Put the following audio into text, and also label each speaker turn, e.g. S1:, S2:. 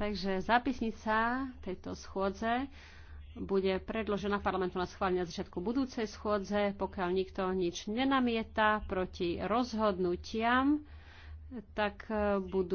S1: Takže zápisnica tejto schôdze bude predložená parlamentu na schválenie na začiatku budúcej schôdze, pokiaľ nikto nič nenamieta proti rozhodnutiam, tak eh, budú